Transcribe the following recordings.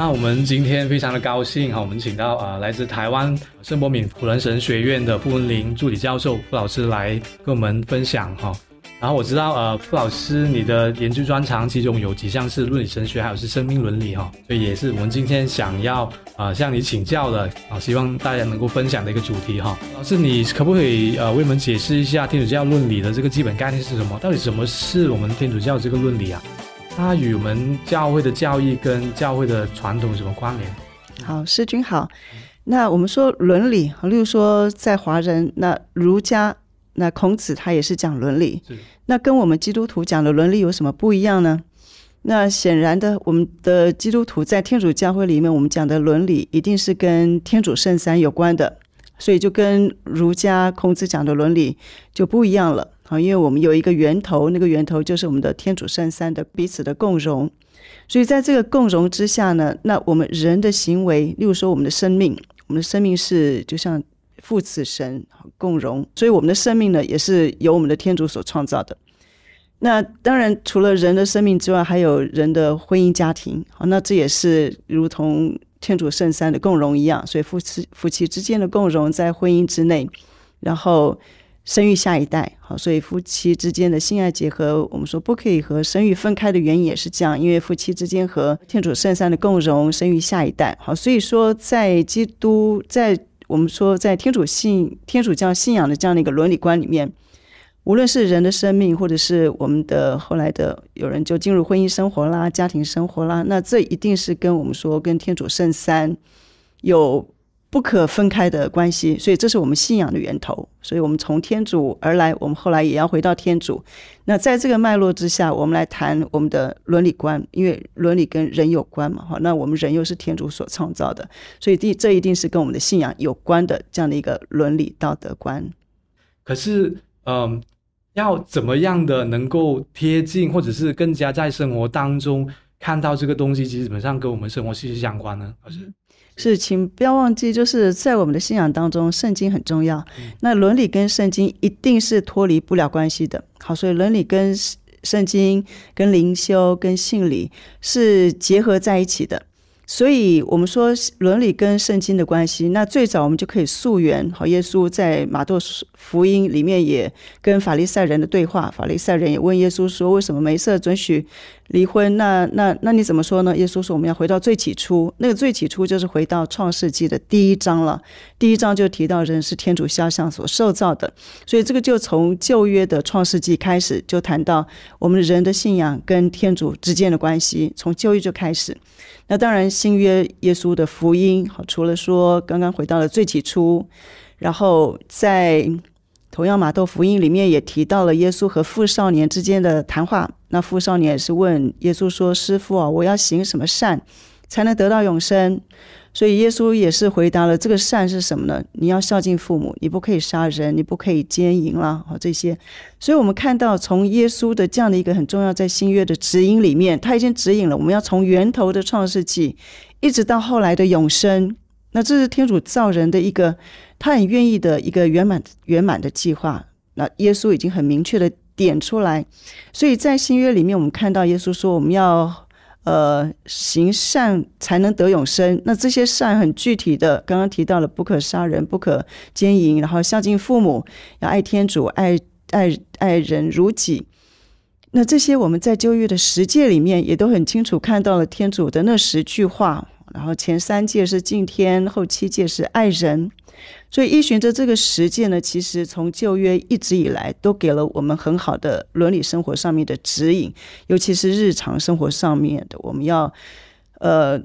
那我們今天非常的高興哈，我們請到啊、呃、來自台灣聖博敏輔仁神學院的符文玲助理教授符老師來跟我們分享哈、哦。然後我知道呃符老師你的研究專長，其中有幾項是倫理神學還有是生命倫理哈、哦，所以也是我們今天想要啊、呃、向你請教的啊、哦、希望大家能夠分享的一個主題哈、哦。老師，你可不可以呃為我們解釋一下天主教倫理的這個基本概念是什麼？到底什麼是我們天主教這個倫理啊？他與我們教會的教義跟教會的傳統有什麼關聯？好，師君好。那我們說倫理，例如說在華人，那儒家那孔子他也是講倫理，是那跟我們基督徒講的倫理有什麼不一樣呢？那顯然的，我們的基督徒在天主教會裡面，我們講的倫理一定是跟天主聖三有關的，所以就跟儒家孔子講的倫理就不一樣了。啊，因為我們有一個源頭，那個源頭就是我們的天主聖三的彼此的共融。所以在這個共融之下呢，那我們人的行為，例如說我們的生命，我們的生命是就像父子神共融，所以我們的生命呢，也是由我們的天主所創造的。那當然，除了人的生命之外，還有人的婚姻家庭，好，那這也是如同天主聖三的共融一樣，所以夫妻夫妻之間的共融在婚姻之內，然後。生育下一代，好，所以夫妻之間的性愛結合，我們說不可以和生育分開的原因也是這樣，因為夫妻之間和天主聖三的共融，生育下一代，好，所以說在基督，在我們說在天主信天主教信仰的這樣的一個倫理觀裡面，無論是人的生命，或者是我們的後來的有人就進入婚姻生活啦、家庭生活啦，那這一定是跟我們說跟天主聖三有。不可分開的關係，所以這是我們信仰的源頭。所以我們從天主而來，我們後來也要回到天主。那在這個脈絡之下，我們來談我們的倫理觀，因為倫理跟人有關嘛，哈。那我們人又是天主所創造的，所以第這一定是跟我們的信仰有關的這樣的一個倫理道德觀。可是，嗯，呃，要怎麼樣的能夠貼近，或者是更加在生活當中看到這個東西，基本上跟我們生活息息相關呢？是，請不要忘記，就是在我們的信仰當中，聖經很重要。嗯、那倫理跟聖經一定是脫離不了關係的。好，所以倫理跟聖經、跟靈修、跟信理是結合在一起的。所以我們說倫理跟聖經的關係，那最早我們就可以溯源。好，耶穌在瑪竇福音裡面也跟法利賽人的對話，法利賽人也問耶穌說：“為什麼梅瑟准許？”離婚，那那那你怎麼說呢？耶穌說，我們要回到最起初，那個最起初就是回到創世紀的第一章了。第一章就提到人是天主肖像所受造的，所以這個就從舊約的創世紀開始，就談到我們人的信仰跟天主之間的關係，從舊約就開始。那當然新約耶穌的福音，除了說剛剛回到了最起初，然後在。同樣瑪竇福音裡面也提到了耶穌和富少年之間的談話。那富少年是問耶穌說：“師傅啊，我要行什麼善，才能得到永生？”所以耶穌也是回答了：“這個善是什麼呢？你要孝敬父母，你不可以殺人，你不可以奸淫啦，好、哦，這些。”所以，我們看到從耶穌的這樣的一個很重要，在新約的指引裡面，他已經指引了我們要從源頭的創世紀，一直到後來的永生。那這是天主造人的一個，他很願意的一個圓滿圓滿的計劃。那耶穌已經很明確的點出來，所以在新約裡面，我們看到耶穌說，我們要呃行善才能得永生。那這些善很具體的，剛剛提到了不可殺人，不可姦淫，然後孝敬父母，要愛天主，愛愛愛人如己。那這些我們在舊約的十誡裡面也都很清楚看到了天主的那十句話。然後前三戒是敬天，後七戒是愛人，所以依循着這個十戒呢，其實從舊約一直以來都給了我們很好的倫理生活上面的指引，尤其是日常生活上面的，我們要呃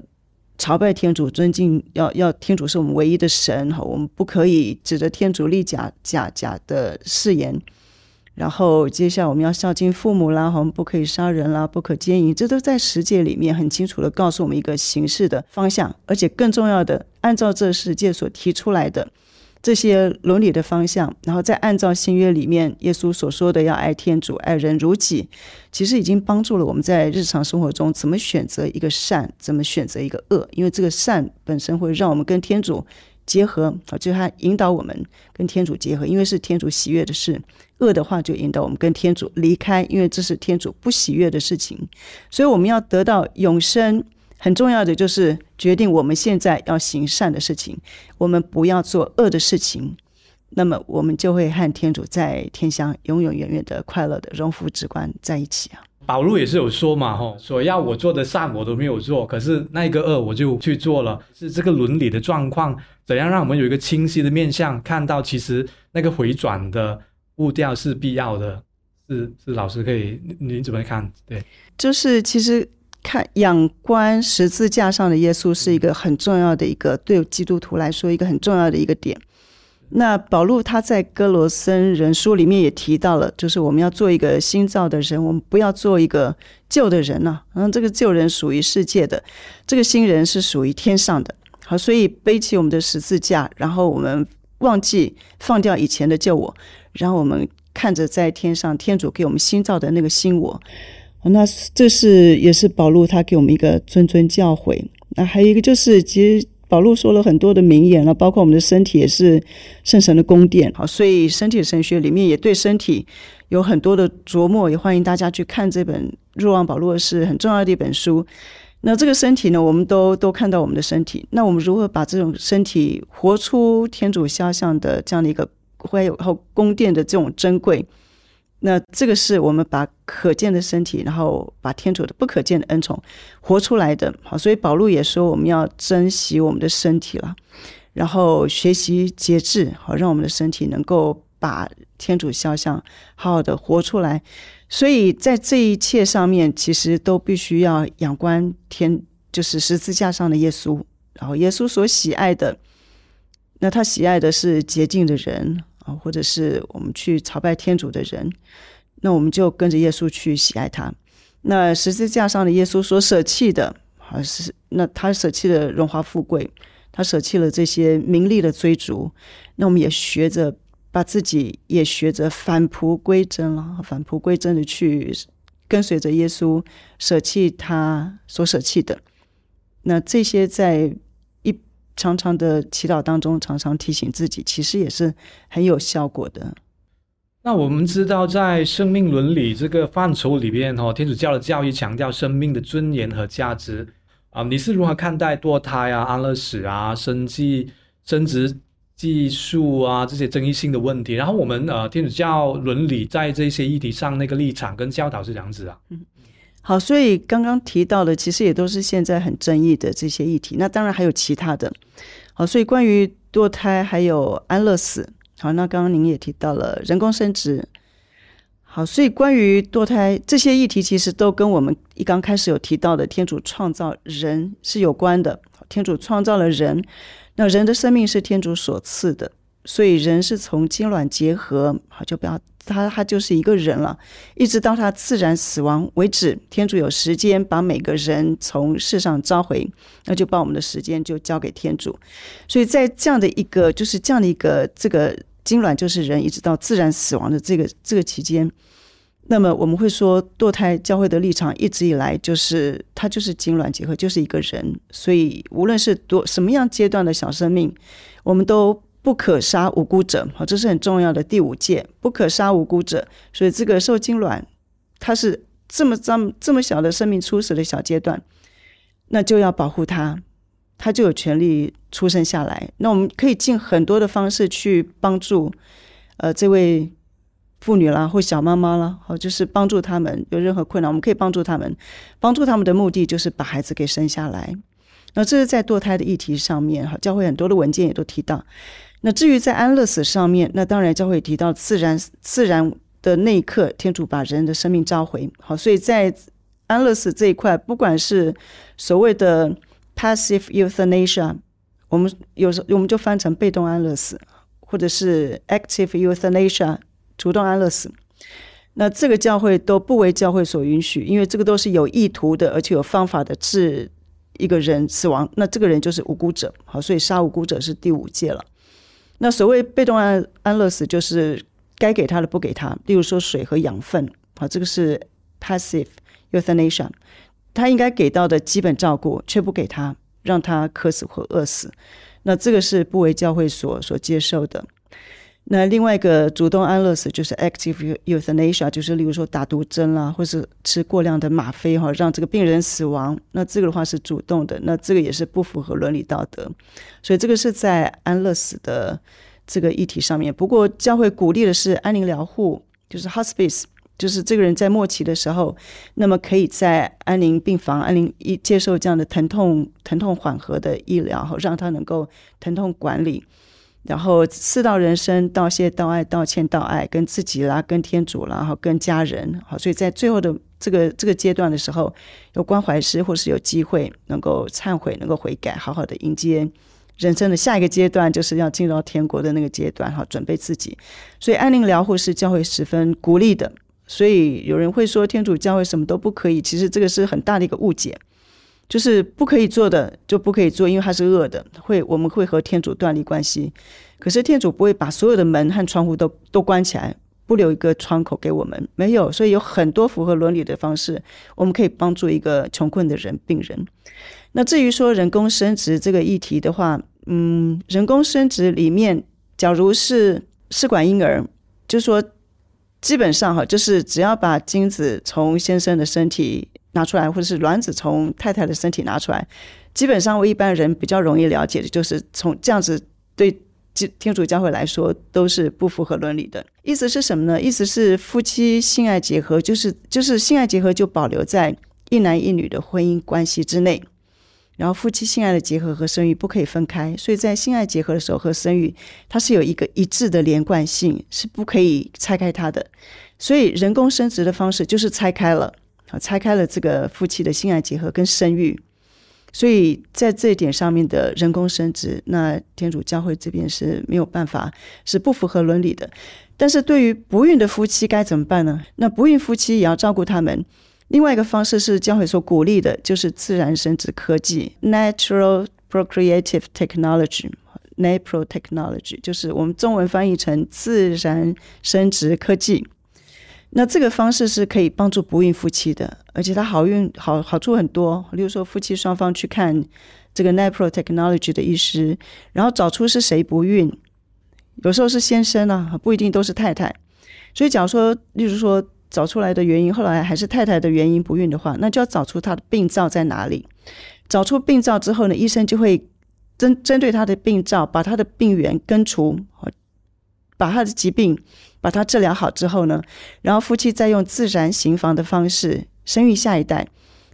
朝拜天主，尊敬，要要天主是我們唯一的神，哈，我們不可以指着天主立假假假的誓言。然後，接下來我們要孝敬父母啦，我們不可以殺人啦，不可奸淫，這都在十誡裡面很清楚的告訴我們一個行事的方向。而且更重要的，按照這十誡所提出來的這些倫理的方向，然後再按照新約裡面耶穌所說的要愛天主、愛人如己，其實已經幫助了我們在日常生活中怎麼選擇一個善，怎麼選擇一個惡。因為這個善本身會讓我們跟天主，結合啊，就他引導我們跟天主結合，因為是天主喜悅的事；惡的話，就引導我們跟天主離開，因為這是天主不喜悅的事情。所以我們要得到永生，很重要的就是決定我們現在要行善的事情，我們不要做惡的事情，那麼我們就會和天主在天鄉永永遠遠的快樂的榮福直觀在一起啊。保祿也是有說嘛，吼，所要我做的善我都沒有做，可是那個惡我就去做了，是這個倫理的狀況。怎樣讓我們有一個清晰的面向，看到其實那個回轉的步調是必要的，是是老師可以您怎麼看？對，就是其實看仰觀十字架上的耶穌是一個很重要的一個對基督徒來說一個很重要的一個點。那保祿他在《哥羅森人書》裡面也提到了，就是我們要做一個新造的人，我們不要做一個舊的人了，啊。嗯，這個舊人屬於世界的，這個新人是屬於天上的。好，所以背起我們的十字架，然後我們忘記放掉以前的舊我，然後我們看着在天上天主給我們新造的那個新我。那這是也是保祿他給我們一個諄諄教誨。那還有一個就是，其實。保祿說了很多的名言了，包括我們的身體也是聖神的宮殿，好，所以身體的神學裡面也對身體有很多的琢磨，也歡迎大家去看這本《若望保祿》，是很重要的一本書。那這個身體呢，我們都都看到我們的身體，那我們如何把這種身體活出天主肖像的這樣的一個，會有後宮殿的這種珍貴？那這個是我們把可見的身體，然後把天主的不可見的恩寵活出來的。好，所以保祿也說，我們要珍惜我們的身體了，然後學習節制，好讓我們的身體能夠把天主肖像好好的活出來。所以在這一切上面，其實都必須要仰觀天，就是十字架上的耶穌，然後耶穌所喜愛的，那他喜愛的是潔淨的人。啊，或者是我們去朝拜天主的人，那我們就跟着耶穌去喜愛他。那十字架上的耶穌所捨棄的，啊是，那他捨棄了榮華富貴，他捨棄了這些名利的追逐。那我們也學着把自己，也學着返璞歸真了，返璞歸真的去跟隨着耶穌，捨棄他所捨棄的。那這些在。常常的祈禱當中，常常提醒自己，其實也是很有效果的。那我們知道，在生命倫理這個範疇裡邊，哈，天主教的教義強調生命的尊嚴和價值啊、呃。你是如何看待墮胎啊、安樂死啊、生計生殖技術啊這些爭議性的問題？然後我們呃，天主教倫理在這些議題上那個立場跟教導是怎樣子啊？嗯好，所以剛剛提到的其實也都是現在很爭議的這些議題。那當然還有其他的。好，所以關於墮胎還有安樂死。好，那剛剛您也提到了人工生殖。好，所以關於墮胎這些議題，其實都跟我們一剛開始有提到的天主創造人是有關的。天主創造了人，那人的生命是天主所賜的。所以人是從精卵結合，好，就不要他，他就是一個人了，一直到他自然死亡為止。天主有時間把每個人從世上召回，那就把我們的時間就交給天主。所以在這樣的一個，就是這樣的一個，這個精卵就是人，一直到自然死亡的這個這個期間，那麼我們會說，墮胎教會的立場一直以來就是，他就是精卵結合，就是一個人。所以無論是多什麼樣階段的小生命，我們都不可殺無辜者，好，這是很重要的第五戒，不可殺無辜者。所以這個受精卵，它是這麼這麼、這麼小的生命初始的小階段，那就要保護它，它就有權利出生下來。那我們可以盡很多的方式去幫助，呃，這位婦女啦或小媽媽啦，好，就是幫助他們有任何困難，我們可以幫助他們。幫助他們的目的就是把孩子給生下來。那這是在墮胎的議題上面，哈，教會很多的文件也都提到。那至於在安樂死上面，那當然教會提到自然自然的那一刻，天主把人的生命召回。好，所以在安樂死這一塊，不管是所謂的 passive euthanasia，我們有時我們就翻成被動安樂死，或者是 active euthanasia，主動安樂死，那這個教會都不為教會所允許，因為這個都是有意圖的，而且有方法的致一個人死亡，那這個人就是無辜者。好，所以殺無辜者是第五戒了。那所謂被動安安樂死，就是該給他的不給他，例如說水和養分，好，這個是 passive euthanasia，他應該給到的基本照顧，卻不給他，讓他渴死或餓死，那這個是不為教會所所接受的。那另外一個主動安樂死就是 active euthanasia，就是例如說打毒針啦，或是吃過量的嗎啡哈，讓這個病人死亡。那這個的話是主動的，那這個也是不符合倫理道德。所以這個是在安樂死的這個議題上面。不過教會鼓勵的是安寧療護，就是 hospice，就是這個人在末期的時候，那麼可以在安寧病房、安寧一接受這樣的疼痛疼痛緩和的醫療，讓他能夠疼痛管理。然後，四道人生，道謝，道愛，道歉，道愛，跟自己啦，跟天主啦，然後跟家人，好，所以在最後的這個這個階段的時候，有關懷師或是有機會能夠懺悔，能夠悔改，好好的迎接人生的下一個階段，就是要進入到天國的那個階段，哈，準備自己。所以，安寧療護是教會十分鼓勵的。所以，有人會說天主教會什麼都不可以，其實這個是很大的一個誤解。就是不可以做的就不可以做，因為他是惡的，會我們會和天主斷離關係。可是天主不會把所有的門和窗戶都都關起來，不留一個窗口給我們。沒有，所以有很多符合倫理的方式，我們可以幫助一個窮困的人、病人。那至於說人工生殖這個議題的話，嗯，人工生殖裡面，假如是試管嬰兒，就說基本上哈，就是只要把精子從先生的身體。拿出來，或者是卵子從太太的身體拿出來，基本上我一般人比較容易了解的就是從這樣子，對就天主教會來說都是不符合倫理的。意思是什麼呢？意思是夫妻性愛結合，就是就是性愛結合就保留在一男一女的婚姻關係之內，然後夫妻性愛的結合和生育不可以分開，所以在性愛結合的時候和生育它是有一個一致的連貫性，是不可以拆開它的。所以人工生殖的方式就是拆開了。拆開了這個夫妻的性愛結合跟生育，所以在這一點上面的人工生殖，那天主教會這邊是沒有辦法，是不符合倫理的。但是對於不孕的夫妻該怎麼辦呢？那不孕夫妻也要照顧他們。另外一個方式是教會所鼓勵的，就是自然生殖科技 （Natural Procreative Technology，NPT），NaPro Technology 就是我們中文翻譯成自然生殖科技。那這個方式是可以幫助不孕夫妻的，而且它好孕好好處很多。例如說，夫妻雙方去看這個 NaPro Technology 的醫師，然後找出是誰不孕，有時候是先生啊，不一定都是太太。所以，假如說，例如說找出來的原因，後來還是太太的原因不孕的話，那就要找出他的病灶在哪裡。找出病灶之後呢，醫生就會針針對他的病灶，把他的病源根除，把他的疾病。把它治療好之後呢，然後夫妻再用自然行房的方式生育下一代。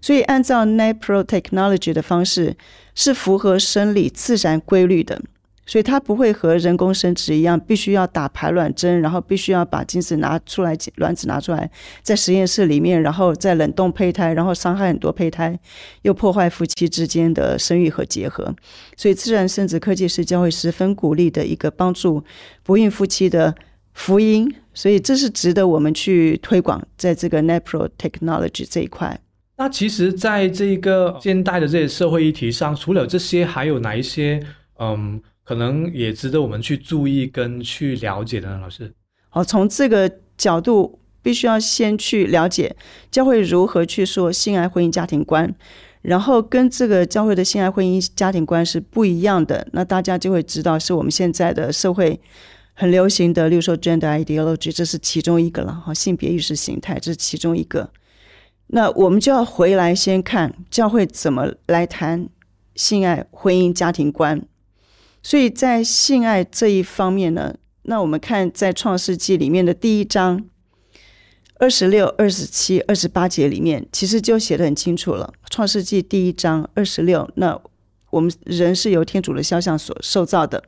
所以按照 NaPro Technology 的方式是符合生理自然規律的，所以它不會和人工生殖一樣，必須要打排卵針，然後必須要把精子拿出來、卵子拿出來，在實驗室裡面，然後再冷凍胚胎，然後傷害很多胚胎，又破壞夫妻之間的生育和結合。所以自然生殖科技是將會十分鼓勵的一個幫助不孕夫妻的。福音，所以這是值得我們去推廣在這個 NaPro Technology 這一塊。那其實，在這個現代的這些社會議題上，除了這些，還有哪一些嗯，可能也值得我們去注意跟去了解的呢？老師好，從這個角度，必須要先去了解教會如何去說性愛、婚姻、家庭觀，然後跟這個教會的性愛、婚姻、家庭觀是不一樣的，那大家就會知道是我們現在的社會。很流行的例如說 gender ideology，這是其中一個了哈，性別意識形態這是其中一個。那我們就要回來先看教會怎麼來談性愛、婚姻、家庭觀。所以在性愛這一方面呢，那我們看在《創世紀》裡面的第一章二十六、二十七、二十八節裡面，其實就寫得很清楚了，《創世紀》第一章二十六，26，那我們人是由天主的肖像所受造的。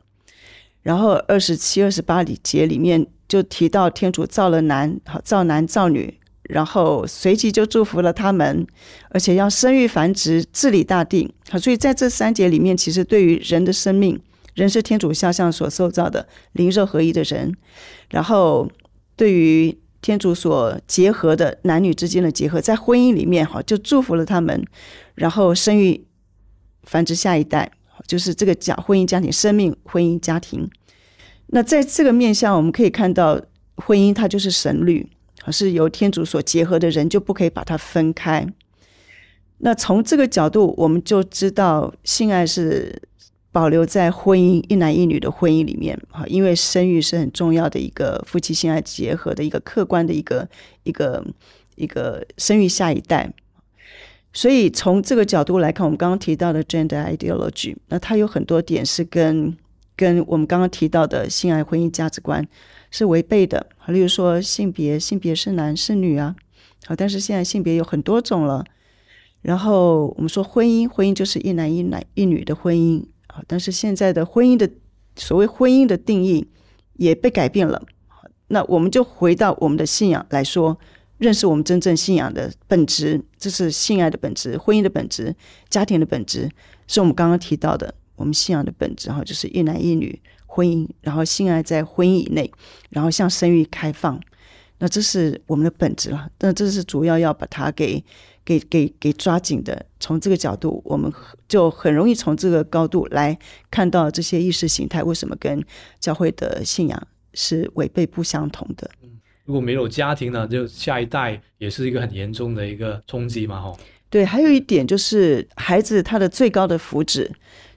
然後二十七、二十八節裡面就提到天主造了男，好造男造女，然後隨即就祝福了他們，而且要生育繁殖，治理大地。好，所以在這三節裡面，其實對於人的生命，人是天主肖像所塑造的靈肉合一的人。然後對於天主所結合的男女之間的結合，在婚姻裡面，哈就祝福了他們，然後生育繁殖下一代。就是這個家婚姻家庭生命婚姻家庭，那在這個面向我們可以看到，婚姻它就是神律，而是由天主所結合的人就不可以把它分開。那從這個角度，我們就知道性愛是保留在婚姻一男一女的婚姻裡面，啊，因為生育是很重要的一個夫妻性愛結合的一個客觀的一個一個一個，一個生育下一代。所以從這個角度來看，我們剛剛提到的 gender ideology，那它有很多點是跟跟我們剛剛提到的性愛、婚姻價值觀是違背的。好，例如說性別，性別是男是女啊，好，但是現在性別有很多種了。然後我們說婚姻，婚姻就是一男一男一女的婚姻啊，但是現在的婚姻的所謂婚姻的定義也被改變了。那我們就回到我們的信仰來說。認識我們真正信仰的本質，這是性愛的本質、婚姻的本質、家庭的本質，是我們剛剛提到的我們信仰的本質。然後就是一男一女婚姻，然後性愛在婚姻以內，然後向生育開放，那這是我們的本質了。那這是主要要把它給、給、給、給抓緊的。從這個角度，我們就很容易從這個高度來看到這些意識形態為什麼跟教會的信仰是違背不相同的。如果沒有家庭呢，就下一代也是一個很嚴重的一個衝擊嘛，吼。對，還有一點就是孩子他的最高的福祉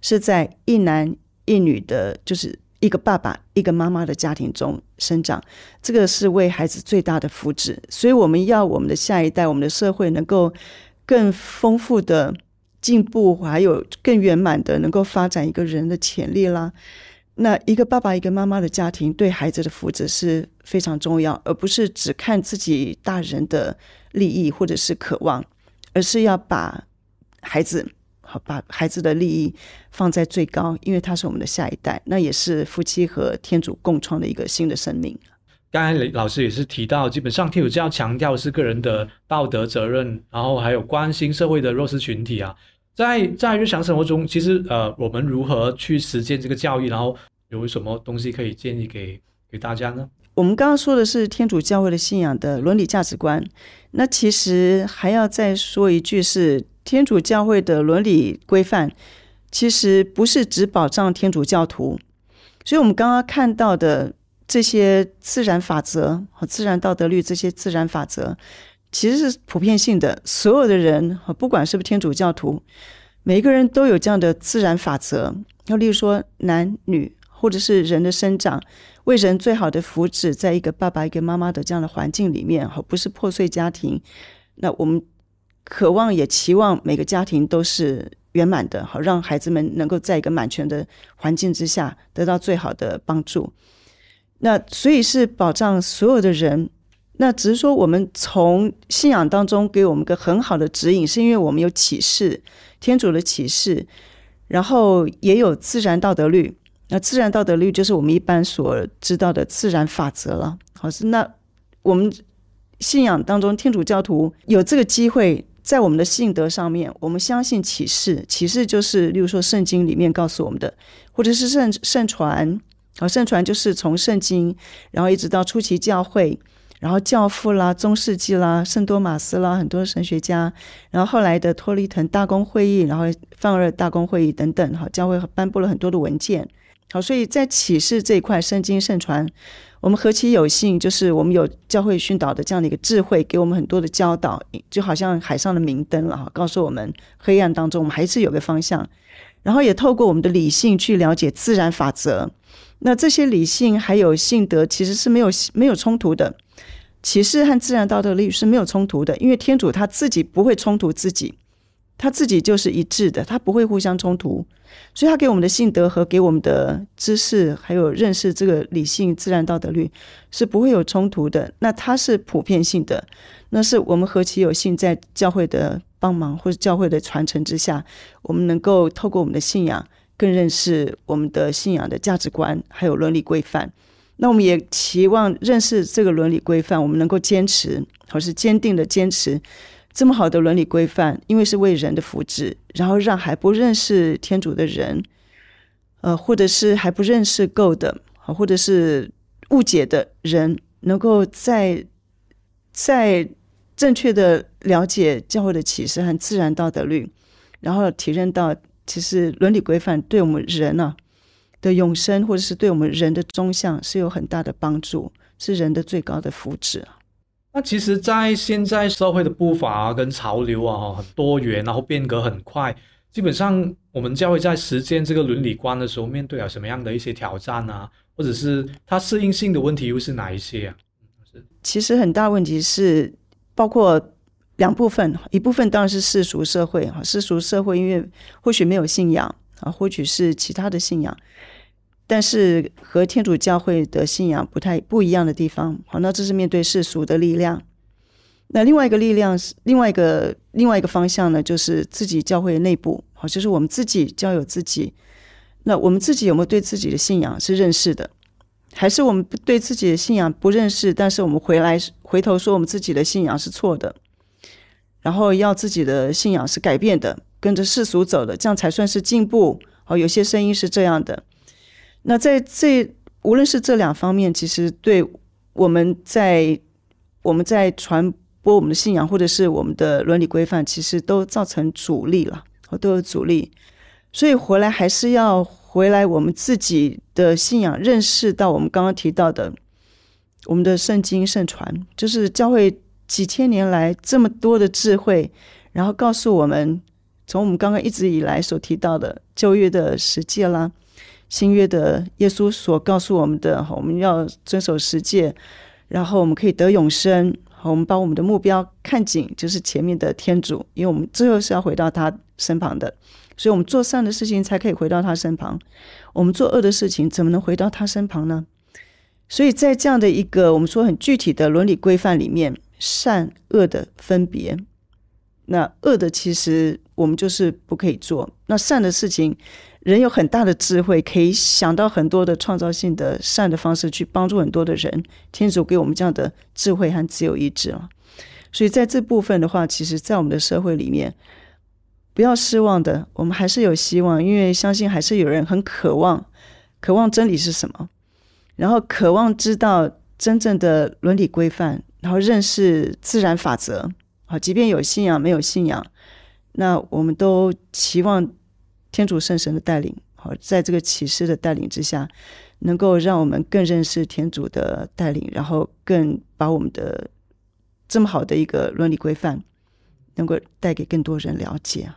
是在一男一女的，就是一個爸爸一個媽媽的家庭中生長，這個是為孩子最大的福祉。所以我們要我們的下一代，我們的社會能夠更豐富的進步，還有更圓滿的能夠發展一個人的潛力啦。那一個爸爸一個媽媽的家庭對孩子的福祉是非常重要，而不是只看自己大人的利益或者是渴望，而是要把孩子好，把孩子的利益放在最高，因為他是我們的下一代，那也是夫妻和天主共創的一個新的生命。剛才李老師也是提到，基本上天主教強調是個人的道德責任，然後還有關心社會的弱勢群體啊。在在日常生活中，其實呃，我們如何去實踐這個教義？然後有什麼東西可以建議給給大家呢？我們剛剛說的是天主教會的信仰的倫理價值觀，那其實還要再說一句，是天主教會的倫理規範，其實不是只保障天主教徒。所以我們剛剛看到的這些自然法則和自然道德律，這些自然法則。其實是普遍性的，所有的人哈，不管是不是天主教徒，每一個人都有這樣的自然法則。要例如說，男女或者是人的生長，為人最好的福祉，在一個爸爸一個媽媽的這樣的環境裡面，哈，不是破碎家庭。那我們渴望也期望每個家庭都是圓滿的，好讓孩子們能夠在一個滿全的環境之下得到最好的幫助。那所以是保障所有的人。那只是說，我們從信仰當中給我們個很好的指引，是因為我們有啟示，天主的啟示，然後也有自然道德律。那自然道德律就是我們一般所知道的自然法則了。好，是那我們信仰當中，天主教徒有這個機會，在我們的信德上面，我們相信啟示。啟示就是，例如說聖經裡面告訴我們的，或者是聖聖傳。好，聖傳就是從聖經，然後一直到初期教會。然後教父啦，中世紀啦，聖多瑪斯啦，很多神學家，然後後來的托利騰大公會議，然後梵二大公會議等等哈，教會頒布了很多的文件。好，所以在啟示這一塊，聖經、聖傳，我們何其有幸，就是我們有教會訓導的這樣的一個智慧，給我們很多的教導，就好像海上的明燈了哈，告訴我們黑暗當中我們還是有個方向。然後也透過我們的理性去了解自然法則，那這些理性還有信德其實是沒有沒有衝突的。啟示和自然道德律是沒有衝突的，因為天主他自己不會衝突自己，他自己就是一致的，他不會互相衝突。所以，他給我們的信德和給我們的知識，還有認識這個理性自然道德律，是不會有衝突的。那它是普遍性的，那是我們何其有幸，在教會的幫忙或者教會的傳承之下，我們能夠透過我們的信仰，更認識我們的信仰的價值觀，還有倫理規範。那我們也期望認識這個倫理規範，我們能夠堅持，或是堅定的堅持這麼好的倫理規範，因為是為人的福祉。然後讓還不認識天主的人，呃，或者是還不認識 God，或者是誤解的人，能夠在在正確的了解教會的啟示和自然道德律，然後體認到其實倫理規範對我們人呢、啊。的永生，或者是對我們人的終向是有很大的幫助，是人的最高的福祉啊。那其實，在現在社會的步伐啊，跟潮流啊，很多元，然後變革很快。基本上，我們教會在實踐這個倫理觀的時候，面對有什麼樣的一些挑戰啊，或者是它適應性的問題又是哪一些啊？其實很大問題是包括兩部分，一部分當然是世俗社會啊，世俗社會因為或許沒有信仰啊，或許是其他的信仰。但是和天主教會的信仰不太不一樣的地方，好，那這是面對世俗的力量。那另外一個力量是另外一個另外一個方向呢，就是自己教會的內部，好，就是我們自己教友自己。那我們自己有沒有對自己的信仰是認識的？還是我們對自己的信仰不認識？但是我們回來回頭說，我們自己的信仰是錯的，然後要自己的信仰是改變的，跟着世俗走的，這樣才算是進步。好，有些聲音是這樣的。那在這，無論是這兩方面，其實對我們在我們在傳播我們的信仰或者是我們的倫理規範，其實都造成阻力了，都有阻力。所以回來還是要回來我們自己的信仰，認識到我們剛剛提到的我們的聖經聖傳，就是教會幾千年來這麼多的智慧，然後告訴我們，從我們剛剛一直以來所提到的舊約的實際啦。新約的耶穌所告訴我們的，我們要遵守十誡。然後我們可以得永生。好，我們把我們的目標看緊，就是前面的天主，因為我們最後是要回到他身旁的。所以，我們做善的事情才可以回到他身旁。我們做惡的事情怎麼能回到他身旁呢？所以在這樣的一個我們說很具體的倫理規範裡面，善惡的分別。那惡的其實我們就是不可以做，那善的事情。人有很大的智慧，可以想到很多的創造性的善的方式去幫助很多的人。天主給我們這樣的智慧和自由意志。所以在這部分的話，其實，在我們的社會裡面，不要失望的，我們還是有希望，因為相信還是有人很渴望，渴望真理是什麼，然後渴望知道真正的倫理規範，然後認識自然法則。好，即便有信仰沒有信仰，那我們都期望天主聖神的帶領，在這個啟示的帶領之下，能夠讓我們更認識天主的帶領，然後更把我們的這麼好的一個倫理規範，能夠帶給更多人了解啊。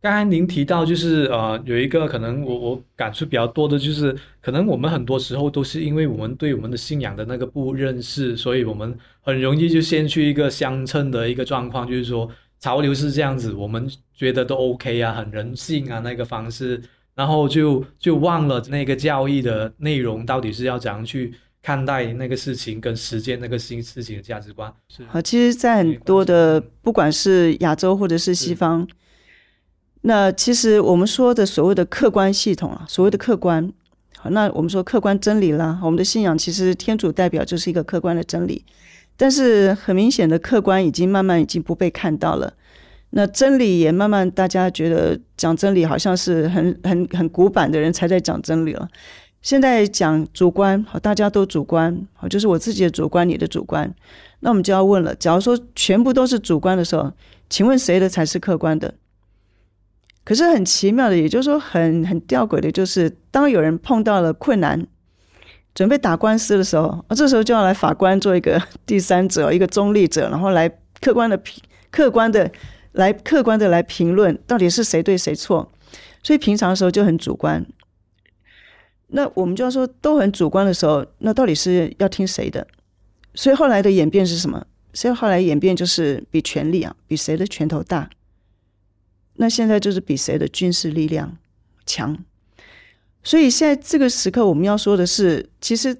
剛才您提到，就是呃，有一個可能我我感觸比較多的，就是可能我們很多時候都是因為我們對我們的信仰的那個不認識，所以我們很容易就先去一個相稱的一個狀況，就是說。潮流是這樣子，我們覺得都 OK 啊，很人性啊那個方式，然後就就忘了那個教義的內容到底是要怎樣去看待那個事情跟實踐那個新事情的價值觀。啊，其實，在很多的不管是亞洲或者是西方，是那其實我們說的所謂的客觀系統啊，所謂的客觀，好，那我們說客觀真理啦，我們的信仰其實天主代表就是一個客觀的真理。但是很明顯的，客觀已經慢慢已經不被看到了，那真理也慢慢大家覺得講真理好像是很很很古板的人才在講真理了。現在講主觀，好，大家都主觀，好，就是我自己的主觀，你的主觀。那我們就要問了，假如說全部都是主觀的時候，請問誰的才是客觀的？可是很奇妙的，也就是說很很吊詭的，就是當有人碰到了困難。準備打官司的時候，啊、哦，這時候就要來法官做一個第三者，一個中立者，然後來客觀的評，客觀的來客觀的來評論到底是誰對誰錯。所以平常的時候就很主觀。那我們就要說都很主觀的時候，那到底是要聽誰的？所以後來的演變是什麼？所以後來演變就是比權力啊，比誰的拳頭大。那現在就是比誰的軍事力量強。所以現在這個時刻，我們要說的是，其實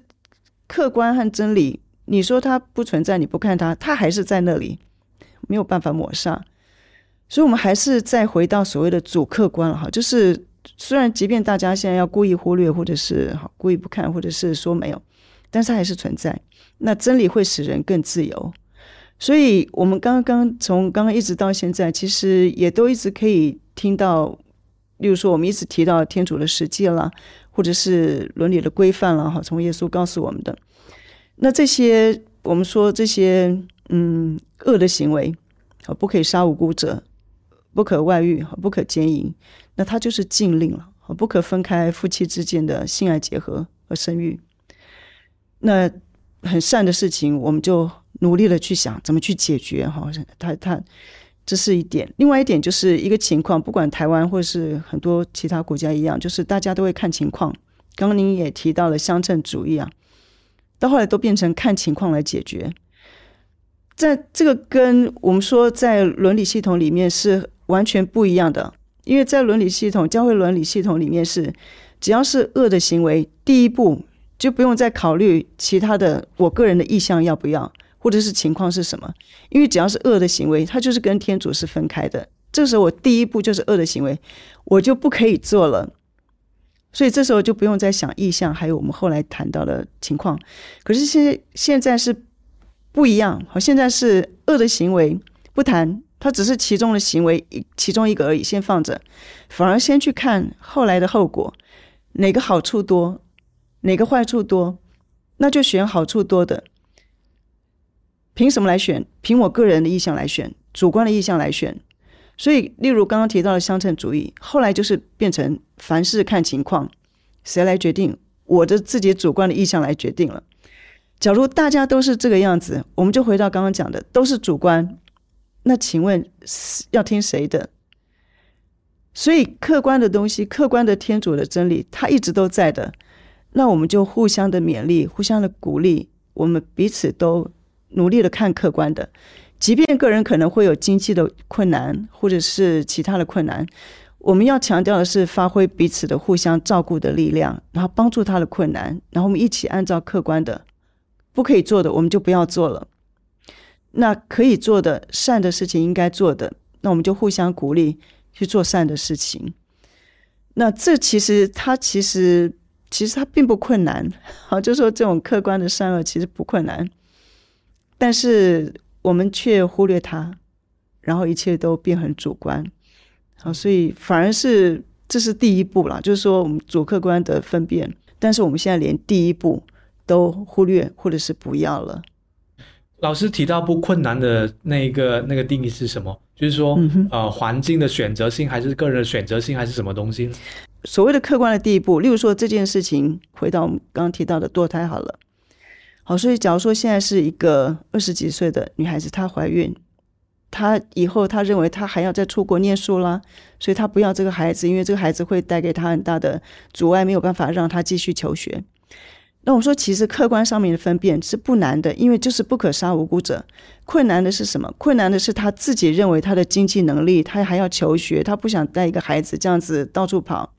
客觀和真理，你說它不存在，你不看它，它還是在那裡，沒有辦法抹殺。所以，我們還是再回到所謂的主客觀了哈，就是雖然，即便大家現在要故意忽略，或者是好故意不看，或者是說沒有，但是它還是存在。那真理會使人更自由，所以我們剛剛從剛剛一直到現在，其實也都一直可以聽到。例如說，我們一直提到天主的實誡啦，或者是倫理的規範了，哈，從耶穌告訴我們的，那這些我們說這些，嗯，惡的行為，不可以殺無辜者，不可外遇，不可姦淫，那他就是禁令了，不可分開夫妻之間的性愛結合和生育。那很善的事情，我們就努力地去想怎麼去解決，哈，他他。這是一點，另外一點就是一個情況，不管台灣或是很多其他國家一樣，就是大家都會看情況。剛剛您也提到了鄉鎮主義啊，到後來都變成看情況來解決，在這個跟我們說在倫理系統裡面是完全不一樣的，因為在倫理系統、教會倫理系統裡面是，只要是惡的行為，第一步就不用再考慮其他的，我個人的意向要不要，或者是情況是什麼？因為只要是惡的行為，它就是跟天主是分開的。這時候，我第一步就是惡的行為，我就不可以做了。所以這時候就不用再想意向，還有我們後來談到的情況。可是現在現在是不一樣，好，現在是惡的行為不談，它只是其中的行為一其中一個而已，先放着，反而先去看後來的後果，哪個好處多，哪個壞處多，那就選好處多的。憑什麼來選？憑我個人的意向來選，主觀的意向來選。所以，例如剛剛提到的相稱主義，後來就是變成凡事看情況，誰來決定？我的自己主觀的意向來決定了。假如大家都是這個樣子，我們就回到剛剛講的，都是主觀。那請問要聽誰的？所以客觀的東西，客觀的天主的真理，它一直都在的。那我們就互相的勉勵，互相的鼓勵，我們彼此都。努力的看客觀的，即便個人可能會有經濟的困難，或者是其他的困難，我們要強調的是發揮彼此的互相照顧的力量，然後幫助他的困難，然後我們一起按照客觀的，不可以做的我們就不要做了，那可以做的善的事情應該做的，那我們就互相鼓勵去做善的事情。那這其實他其實其實他並不困難，好，就說這種客觀的善惡其實不困難。但是我們卻忽略它，然後一切都變很主觀，啊，所以反而是這是第一步了，就是說我們主客觀的分辨。但是我們現在連第一步都忽略或者是不要了。老師提到不困難的那個那個定義是什麼？就是說，嗯哼，呃，環境的選擇性還是個人的選擇性還是什麼東西？所謂的客觀的第一步，例如說這件事情，回到我們剛剛提到的墮胎好了。好，所以假如說現在是一個二十幾歲的女孩子，她懷孕，她以後她認為她還要再出國念書啦，所以她不要這個孩子，因為這個孩子會帶給她很大的阻礙，沒有辦法讓她繼續求學。那我說，其實客觀上面的分辨是不難的，因為就是不可殺無辜者。困難的是什麼？困難的是她自己認為她的經濟能力，她還要求學，她不想帶一個孩子這樣子到處跑，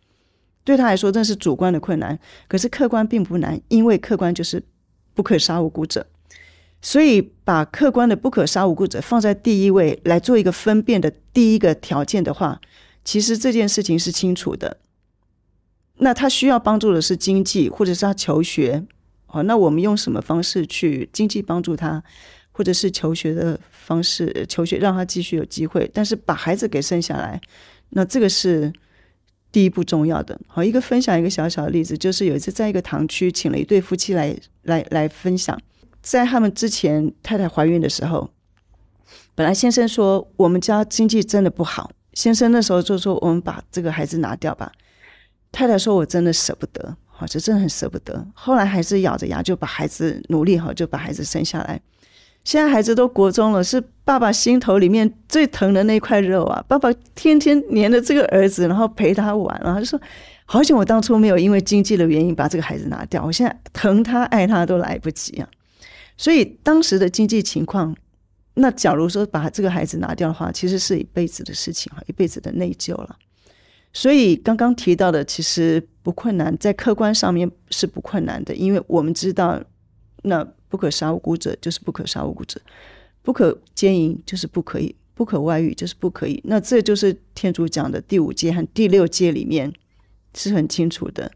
對她來說，這是主觀的困難。可是客觀並不難，因為客觀就是。不可殺無辜者，所以把客觀的不可殺無辜者放在第一位來做一個分辨的第一個條件的話，其實這件事情是清楚的。那他需要幫助的是經濟，或者是他求學，哦，那我們用什麼方式去經濟幫助他，或者是求學的方式，求學讓他繼續有機會，但是把孩子給生下來，那這個是。第一步重要的，好，一個分享一個小小的例子，就是有一次在一個堂區請了一對夫妻來來來分享，在他們之前太太懷孕的時候，本來先生說我們家經濟真的不好，先生那時候就說我們把這個孩子拿掉吧。太太說我真的捨不得，好，這真的很捨不得。後來還是咬着牙就把孩子努力哈就把孩子生下來，現在孩子都國中了，是，爸爸心頭裡面最疼的那塊肉啊！爸爸天天黏着這個兒子，然後陪他玩、啊，然後就說：“好想我當初沒有因為經濟的原因把這個孩子拿掉，我現在疼他、愛他都來不及啊！”所以當時的經濟情況，那假如說把這個孩子拿掉的話，其實是一輩子的事情啊，一輩子的內疚了。所以剛剛提到的，其實不困難，在客觀上面是不困難的，因為我們知道，那不可殺無辜者就是不可殺無辜者。不可奸淫就是不可以，不可外遇就是不可以。那這就是天主講的第五戒和第六戒裡面是很清楚的。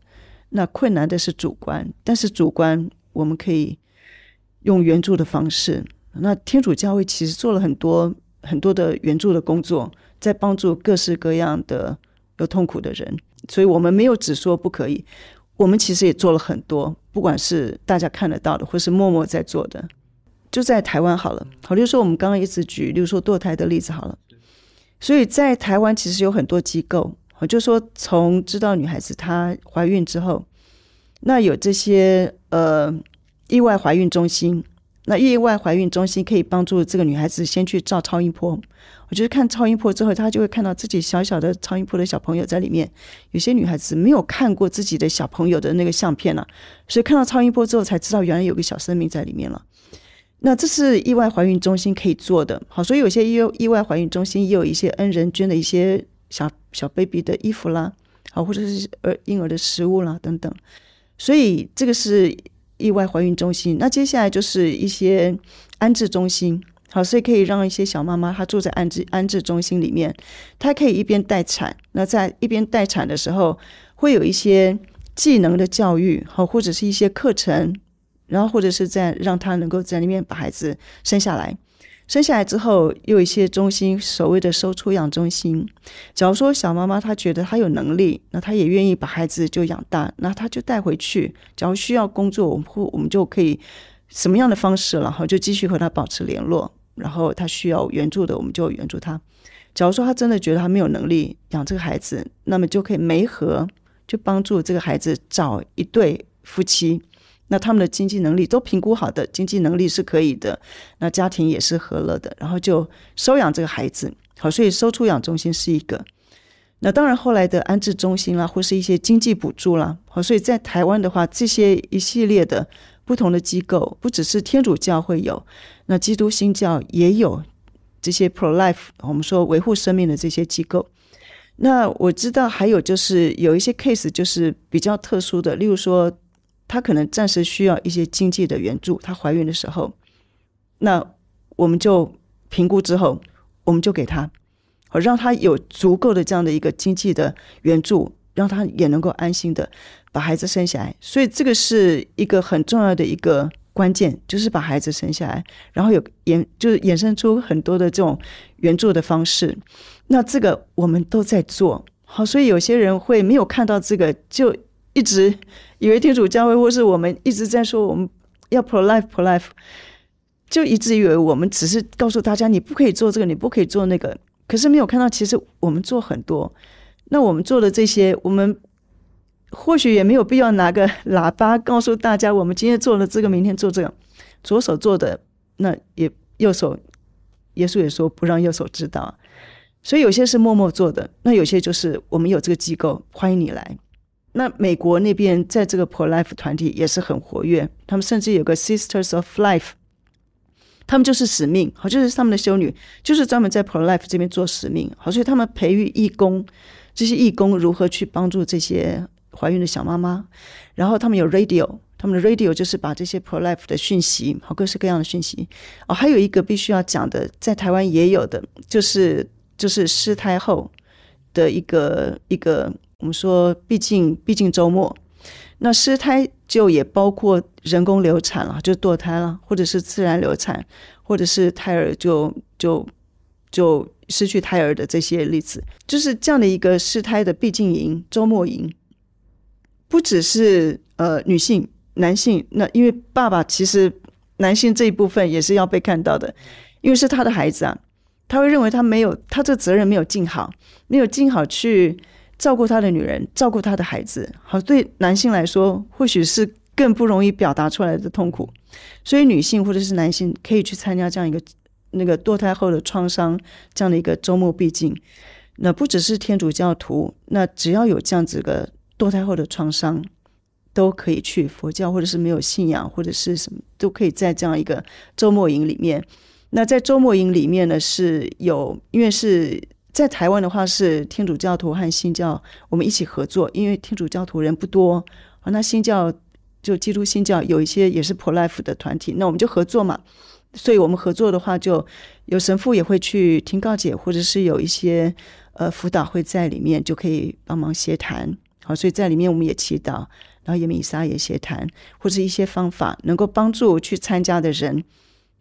那困難的是主觀，但是主觀我們可以用援助的方式。那天主教會其實做了很多很多的援助的工作，在幫助各式各樣的有痛苦的人。所以我們沒有只說不可以，我們其實也做了很多，不管是大家看得到的，或是默默在做的。就在台灣好了，好，例如說我們剛剛一直舉，例如說墮胎的例子好了。所以在台灣其實有很多機構，好，就是說從知道女孩子她懷孕之後，那有這些呃意外懷孕中心，那意外懷孕中心可以幫助這個女孩子先去照超音波。我覺得看超音波之後，她就會看到自己小小的超音波的小朋友在裡面。有些女孩子沒有看過自己的小朋友的那個相片了啊，所以看到超音波之後才知道原來有個小生命在裡面了。那這是意外懷孕中心可以做的，好，所以有些意意外懷孕中心也有一些恩人捐的一些小小 baby 的衣服啦，好，或者是呃嬰兒的食物啦等等，所以這個是意外懷孕中心。那接下來就是一些安置中心，好，所以可以讓一些小媽媽她住在安置安置中心裡面，她可以一邊待產，那在一邊待產的時候會有一些技能的教育，好，或者是一些課程。然後或者是在讓他能夠在那邊把孩子生下來，生下來之後，又有一些中心，所謂的收出養中心。假如說小媽媽她覺得她有能力，那她也願意把孩子就養大，那她就帶回去。假如需要工作，我們我們就可以什麼樣的方式，然後就繼續和她保持聯絡。然後她需要援助的，我們就援助她。假如說她真的覺得她沒有能力養這個孩子，那麼就可以媒合，就幫助這個孩子找一對夫妻。那他們的經濟能力都評估好的，經濟能力是可以的，那家庭也是和樂的，然後就收養這個孩子。好，所以收出養中心是一個。那當然後來的安置中心啦，或是一些經濟補助啦。好，所以在台灣的話，這些一系列的不同的機構，不只是天主教會有，那基督新教也有這些 pro-life，我們說維護生命的這些機構。那我知道還有就是有一些 case 就是比較特殊的，例如說。她可能暫時需要一些經濟的援助，她懷孕的時候，那我們就評估之後，我們就給她，好讓她有足夠的這樣的一個經濟的援助，讓她也能夠安心的把孩子生下來。所以這個是一個很重要的一個關鍵，就是把孩子生下來，然後有衍就是衍生出很多的這種援助的方式。那這個我們都在做，好，所以有些人會沒有看到這個，就一直。以為天主教會或是我們一直在說我們要 pro life pro life，就一直以為我們只是告訴大家你不可以做這個，你不可以做那個。可是沒有看到，其實我們做很多。那我們做的這些，我們或許也沒有必要拿個喇叭告訴大家，我們今天做了這個，明天做這個。左手做的，那也右手，耶穌也說不讓右手知道，所以有些是默默做的，那有些就是我們有這個機構，歡迎你來。那美國那邊在這個 Pro Life 團體也是很活躍，他們甚至有個 Sisters of Life，他們就是使命，好，就是他們的修女，就是專門在 Pro Life 這邊做使命，好，所以他們培育義工，這些義工如何去幫助這些懷孕的小媽媽，然後他們有 Radio，他們的 Radio 就是把這些 Pro Life 的訊息，好，各式各樣的訊息，哦，還有一個必須要講的，在台灣也有的，就是就是失胎後的一個一個。我們說，避靜、避靜週末，那失胎就也包括人工流產了，就墮胎了，或者是自然流產，或者是胎兒就就就失去胎兒的這些例子，就是這樣的一個失胎的避靜營、周末營，不只是呃女性、男性，那因為爸爸其實男性這一部分也是要被看到的，因為是他的孩子啊，他會認為他沒有他這責任沒有盡好，沒有盡好去。照顧他的女人，照顧他的孩子，好，對男性來說，或許是更不容易表達出來的痛苦。所以，女性或者是男性可以去參加這樣一個那個墮胎後的創傷這樣的一個周末避靜，那不只是天主教徒，那只要有這樣子的墮胎後的創傷，都可以去佛教，或者是沒有信仰，或者是什麼都可以在這樣一個周末營裡面。那在周末營裡面呢，是有，因為是。在台灣的話是天主教徒和新教，我們一起合作，因為天主教徒人不多啊。那新教就基督新教有一些也是 Pro Life 的團體，那我們就合作嘛。所以我們合作的話，就有神父也會去聽告解，或者是有一些，呃，輔導會在裡面，就可以幫忙協談。好，所以在裡面我們也祈禱，然後也彌撒也協談，或者是一些方法能夠幫助去參加的人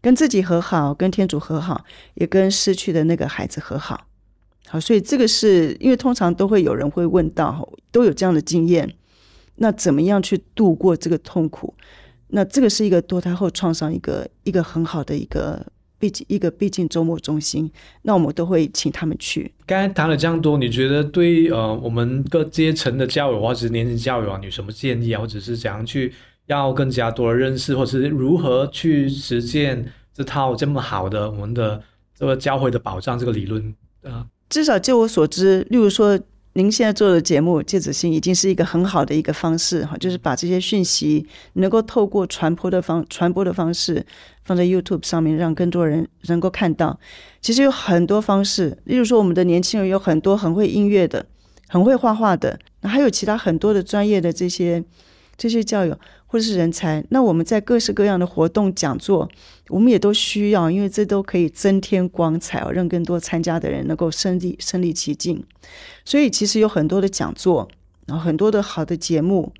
跟自己和好，跟天主和好，也跟失去的那個孩子和好。好，所以這個是因為通常都會有人會問到，都有這樣的經驗，那怎麼樣去度過這個痛苦？那這個是一個墮胎後創傷一個一個很好的一個畢竟，一個畢竟週末中心。那我們都會請他們去。剛才談了這樣多，你覺得對於呃我們各階層的教友或者是年輕教友啊，你有什麼建議啊？或者是怎樣去要更加多的認識，或者是如何去實踐這套這麼好的我們的這個教會的保障這個理論？呃至少就我所知，例如說，您現在做的節目《芥子心》已經是一個很好的一個方式哈，就是把這些訊息能夠透過傳播的方傳播的方式放在 YouTube 上面，讓更多人能夠看到。其實有很多方式，例如說，我們的年輕人有很多很會音樂的，很會畫畫的，那還有其他很多的專業的這些這些教友。或者是人才，那我們在各式各樣的活動講座，我們也都需要，因為這都可以增添光彩哦，讓更多參加的人能夠身歷身臨其境。所以其實有很多的講座，然後很多的好的節目，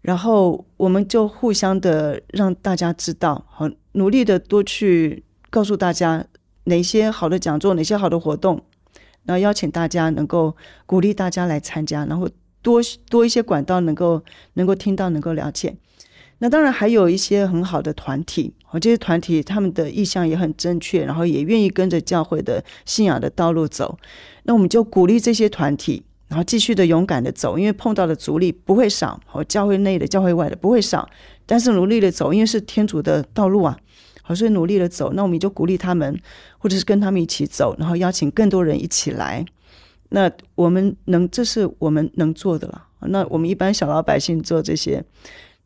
然後我們就互相的讓大家知道，好，努力的多去告訴大家哪些好的講座，哪些好的活動，然後邀請大家能夠鼓勵大家來參加，然後多多一些管道，能夠能夠聽到，能夠了解。那當然還有一些很好的團體，哦，這些團體他們的意向也很正確，然後也願意跟着教會的信仰的道路走。那我們就鼓勵這些團體，然後繼續的勇敢的走，因為碰到的阻力不會少，哦，教會內的、教會外的不會少，但是努力的走，因為是天主的道路啊，好，所以努力的走。那我們就鼓勵他們，或者是跟他們一起走，然後邀請更多人一起來。那我們能，這是我們能做的了。那我們一般小老百姓做這些。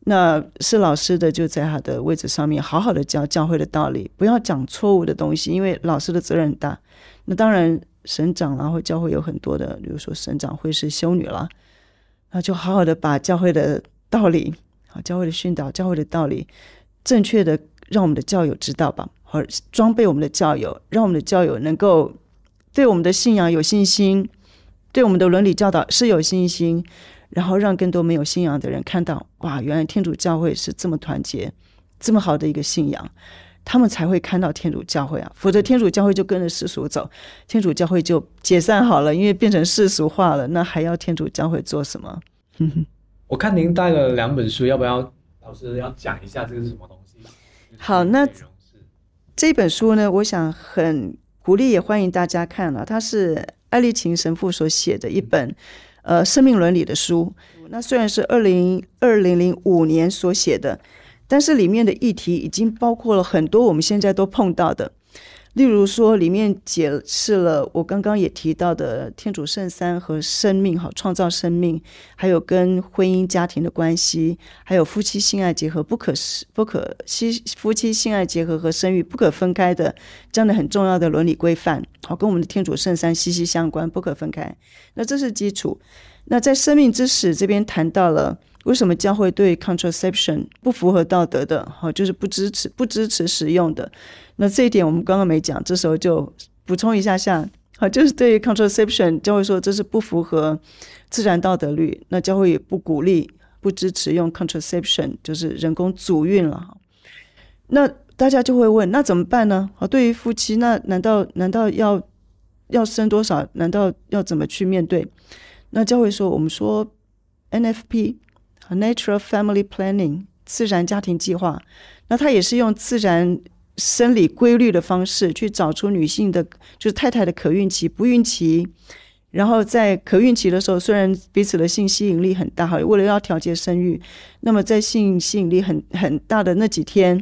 那是老師的就在他的位置上面好好的教教會的道理，不要講錯誤的東西，因為老師的責任大。那當然，神長然後教會有很多的，比如說神長會是修女了，那就好好的把教會的道理啊，教會的訓導、教會的道理，正確的讓我們的教友知道吧，好裝備我們的教友，讓我們的教友能夠對我們的信仰有信心，對我們的倫理教導是有信心。然後讓更多沒有信仰的人看到，哇，原來天主教會是這麼團結、這麼好的一個信仰，他們才會看到天主教會啊。否則天主教會就跟着世俗走，天主教會就解散好了，因為變成世俗化了，那還要天主教會做什麼？ 我看您帶了兩本書，要不要老師要講一下這個是什麼東西？好，那這本書呢，我想很鼓勵，也歡迎大家看了，它是艾立勤神父所寫的一本。嗯呃，生命倫理的書，那雖然是二零零零、二零零五年所寫的，但是裡面的議題已經包括了很多我們現在都碰到的。例如說，裡面解釋了我剛剛也提到的天主聖三和生命，好創造生命，還有跟婚姻家庭的關係，還有夫妻性愛結合不可是不，不可，夫妻性愛結合和生育不可分開的，這樣的很重要的倫理規範，好跟我們的天主聖三息息相關，不可分開。那這是基礎。那在生命之始這邊談到了。為什麼教會對 contraception 不符合道德的？好，就是不支持、不支持使用的？那這一點我們剛剛沒講，這時候就補充一下下，好，就是對於 contraception，教會說，這是不符合自然道德律。那教會也不鼓勵、不支持用 contraception，就是人工阻孕了。那大家就會問，那怎麼辦呢？好，對於夫妻，那難道難道要要生多少？難道要怎麼去面對？那教會說，我們說 NFP。Natural Family Planning，自然家庭計劃，那它也是用自然生理規律的方式去找出女性的，就是太太的可孕期、不孕期，然後在可孕期的時候，雖然彼此的性吸引力很大，哈，為了要調節生育，那麼在性吸引力很很大的那幾天。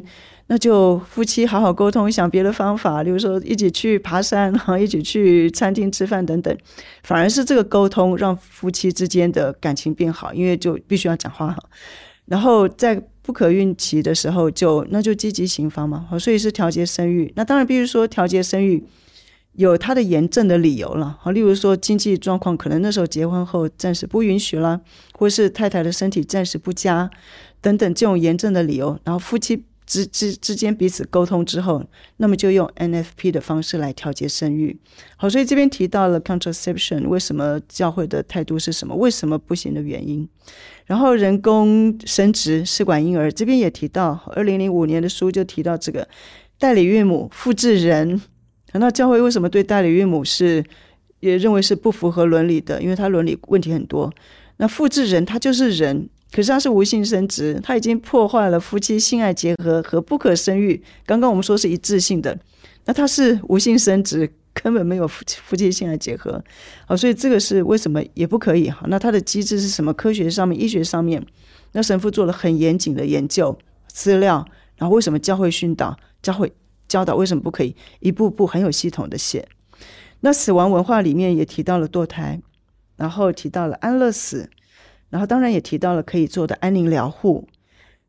那就夫妻好好溝通，想別的方法，例如說一起去爬山，一起去餐廳吃飯等等，反而是這個溝通讓夫妻之間的感情變好，因為就必須要講話好。然後在不可孕期的時候就，就那就積極行房嘛。好，所以是調節生育。那當然必須說調節生育有它的嚴正的理由了。好，例如說經濟狀況可能那時候結婚後暫時不允許了，或是太太的身體暫時不佳等等這種嚴正的理由。然後夫妻。之之之間彼此溝通之後，那麼就用 NFP 的方式來調節生育。好，所以這邊提到了 contraception，為什麼教會的態度是什麼？為什麼不行的原因？然後人工生殖、試管嬰兒這邊也提到，二零零五年的書就提到這個代理孕母、複製人。談到教會為什麼對代理孕母是也認為是不符合倫理的？因為他倫理問題很多。那複製人，他就是人。可是它是無性生殖，它已經破壞了夫妻性愛結合和不可生育。剛剛我們說是一致性的，那它是無性生殖，根本沒有夫夫妻性愛結合，好，所以這個是為什麼也不可以哈。那它的機制是什麼？科學上面、醫學上面，那神父做了很嚴謹的研究資料，然後為什麼教會訓導、教會教導為什麼不可以？一步步很有系統地寫。那死亡文化裡面也提到了墮胎，然後提到了安樂死。然後當然也提到了可以做的安寧療護，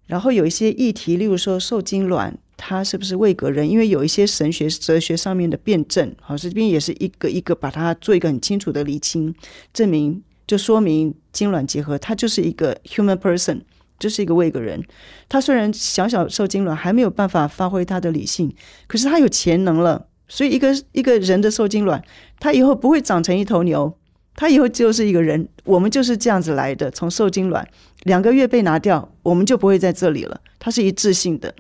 然後有一些議題，例如說受精卵它是不是位格人，因為有一些神學哲學上面的辯證，好，這邊也是一個一個把它做一個很清楚的釐清，證明就說明精卵結合它就是一個 human person，就是一個位格人。他雖然小小受精卵還沒有辦法發揮他的理性，可是他有潛能了，所以一個一個人的受精卵，他以後不會長成一頭牛。他以後就是一個人，我們就是這樣子來的。從受精卵兩個月被拿掉，我們就不會在這裡了。它是一致性的，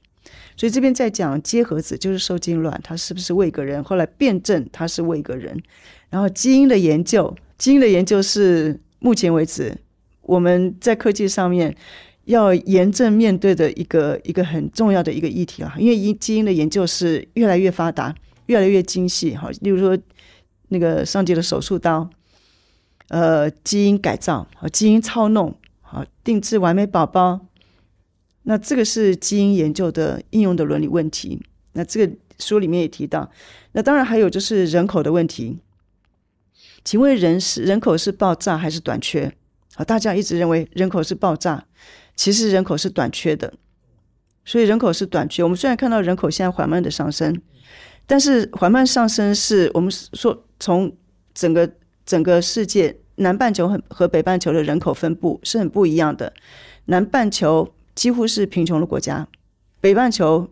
所以這邊在講接合子就是受精卵，它是不是為一個人？後來辯證它是為一個人。然後基因的研究，基因的研究是目前為止我們在科技上面要嚴正面對的一個一個很重要的一個議題了、啊，因為因基因的研究是越來越發達、越來越精細、啊。哈，例如說那個上帝的手術刀。呃，基因改造和基因操弄，好定制完美寶寶，那這個是基因研究的應用的倫理問題。那這個書裡面也提到，那當然還有就是人口的問題。請問人是人口是爆炸還是短缺？啊，大家一直認為人口是爆炸，其實人口是短缺的。所以人口是短缺。我們雖然看到人口現在緩慢的上升，但是緩慢上升是我們說從整個。整個世界，南半球很和北半球的人口分布是很不一樣的。南半球幾乎是貧窮的國家，北半球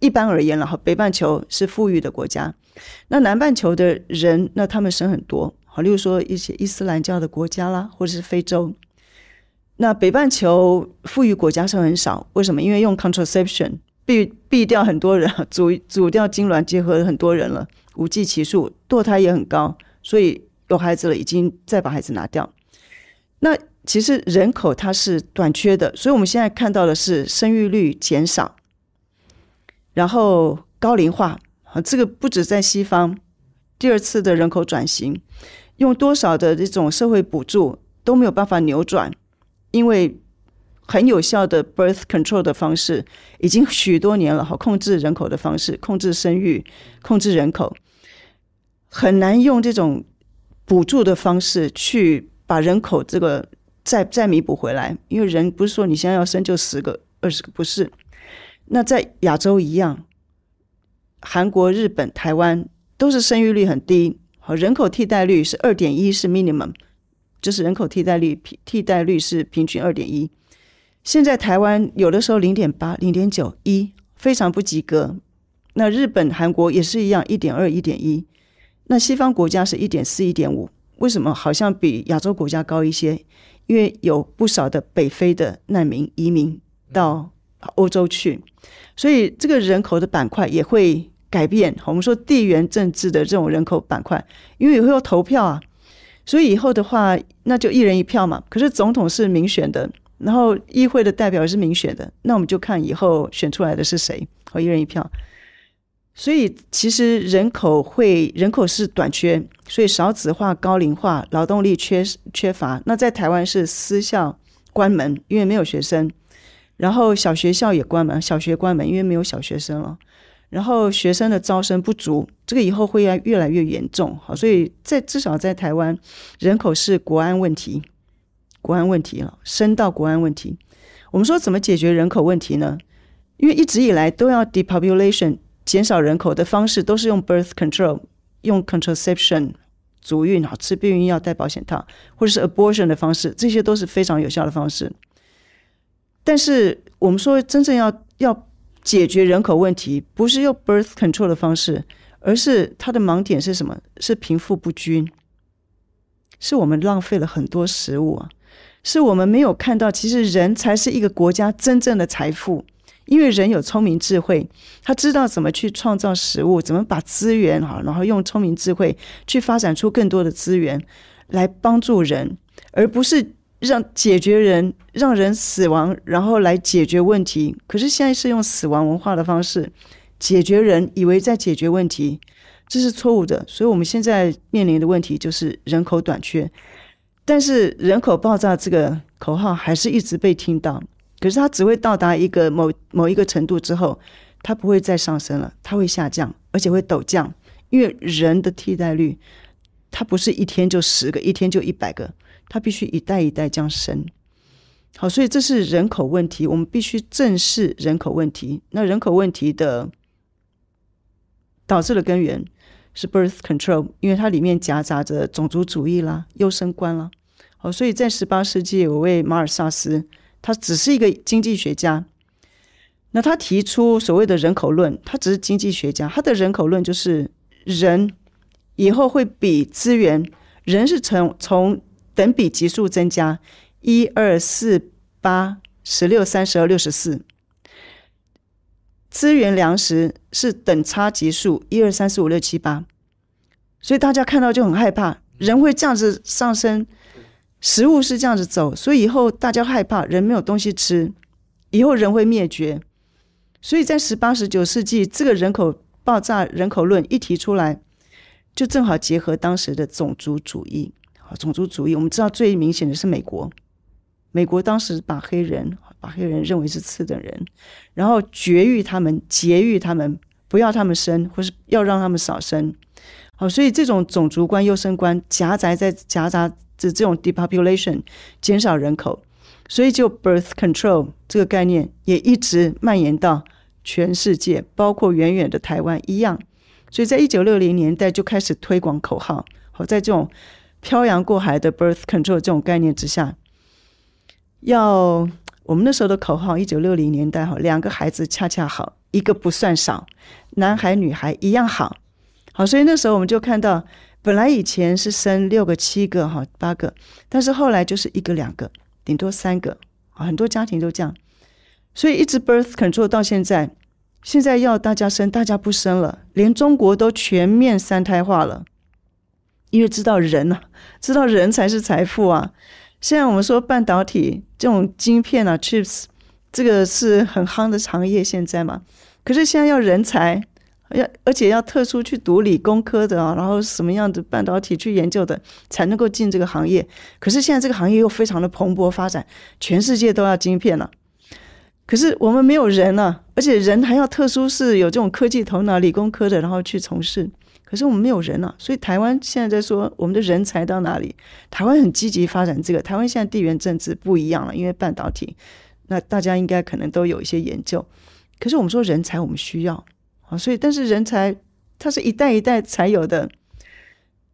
一般而言了，北半球是富裕的國家。那南半球的人，那他們生很多，好，例如說一些伊斯蘭教的國家啦，或者是非洲。那北半球富裕國家是很少，為什麼？因為用 contraception 避避掉很多人，阻阻掉精卵結合很多人了，無計其數，墮胎也很高。所以有孩子了，已經再把孩子拿掉。那其實人口它是短缺的，所以我們現在看到的是生育率減少，然後高齡化啊，這個不止在西方，第二次的人口轉型，用多少的這種社會補助都沒有辦法扭轉，因為很有效的 birth control 的方式已經許多年了，好控制人口的方式，控制生育，控制人口。很難用這種補助的方式去把人口這個再再彌補回來，因為人不是說你現在要生就十個二十個，不是。那在亞洲一樣，韓國、日本、台灣都是生育率很低，人口替代率是二點一，是 minimum，就是人口替代率替代率是平均二點一。現在台灣有的時候零點八、零點九一，非常不及格。那日本、韓國也是一樣1.2、1.1，一點二、一點一。那西方國家是一點四、一點五，為什麼好像比亞洲國家高一些？因為有不少的北非的難民移民到歐洲去，所以這個人口的板塊也會改變。我們說地緣政治的這種人口板塊，因為也會有投票啊，所以以後的話，那就一人一票嘛。可是總統是民選的，然後議會的代表也是民選的，那我們就看以後選出來的是誰，和一人一票。所以其實人口會人口是短缺，所以少子化、高齡化，勞動力缺缺乏。那在台灣是私校關門，因為沒有學生；然後小學校也關門，小學關門，因為沒有小學生了。然後學生的招生不足，這個以後會要越來越嚴重。好，所以在至少在台灣，人口是國安問題，國安問題了，升到國安問題。我們說怎麼解決人口問題呢？因為一直以來都要 depopulation。減少人口的方式都是用 birth control，用 contraception 節育，然後吃避孕藥、戴保險套，或者是 abortion 的方式，這些都是非常有效的方式。但是我們說真正要要解決人口問題，不是用 birth control 的方式，而是它的盲點是什麼？是貧富不均，是我們浪費了很多食物啊，是我們沒有看到，其實人才是一個國家真正的財富。因為人有聰明智慧，他知道怎麼去創造食物，怎麼把資源好，然後用聰明智慧去發展出更多的資源來幫助人，而不是讓解決人讓人死亡，然後來解決問題。可是現在是用死亡文化的方式解決人，以為在解決問題，這是錯誤的。所以我們現在面臨的問題就是人口短缺，但是人口爆炸這個口號還是一直被聽到。可是它只會到達一個某某一個程度之後，它不會再上升了，它會下降，而且會陡降。因為人的替代率，它不是一天就十個，一天就一百個，它必須一代一代這樣升。好，所以這是人口問題，我們必須正視人口問題。那人口問題的導致的根源是 birth control，因為它裡面夾雜着種族主義啦、優生觀啦。好，所以在十八世紀，有位馬爾薩斯。他只是一個經濟學家，那他提出所謂的人口論，他只是經濟學家，他的人口論就是人以後會比資源，人是從從等比級數增加，一二四八十六三十二六十四，資源糧食是等差級數，一二三四五六七八，所以大家看到就很害怕，人會這樣子上升。食物是這樣子走，所以以後大家害怕人沒有東西吃，以後人會滅絕。所以在十八、十九世紀，這個人口爆炸人口論一提出來，就正好結合當時的種族主義啊，種族主義。我們知道最明顯的是美國，美國當時把黑人把黑人認為是次等人，然後絕育他們，節育他們。不要他們生，或是要讓他們少生，好，所以這種種族觀、優生觀夾雜在夾雜着這種 depopulation 減少人口，所以就 birth control 這個概念，也一直蔓延到全世界，包括遠遠的台灣一樣。所以在一九六零年代就開始推廣口號，好，在這種漂洋過海的 birth control 這種概念之下，要。我們那時候的口號，一九六零年代哈，兩個孩子恰恰好，一個不算少，男孩女孩一樣好，好，所以那時候我們就看到，本來以前是生六個七個哈八個，但是後來就是一個兩個，頂多三個，很多家庭都這樣，所以一直 birth control 到現在，現在要大家生，大家不生了，連中國都全面三胎化了，因為知道人呢、啊，知道人才是財富啊。現在我們說半導體這種晶片啊，chips，這個是很夯的行業現在嘛。可是現在要人才，要而且要特殊去讀理工科的啊，然後什麼樣的半導體去研究的才能夠進這個行業。可是現在這個行業又非常的蓬勃發展，全世界都要晶片了。可是我們沒有人啊，而且人還要特殊是有這種科技頭腦、理工科的，然後去從事。可是我們沒有人啊，所以台灣現在在說我們的人才到哪裡？台灣很積極發展這個。台灣現在地緣政治不一樣了，因為半導體，那大家應該可能都有一些研究。可是我們說人才，我們需要啊，所以但是人才它是一代一代才有的。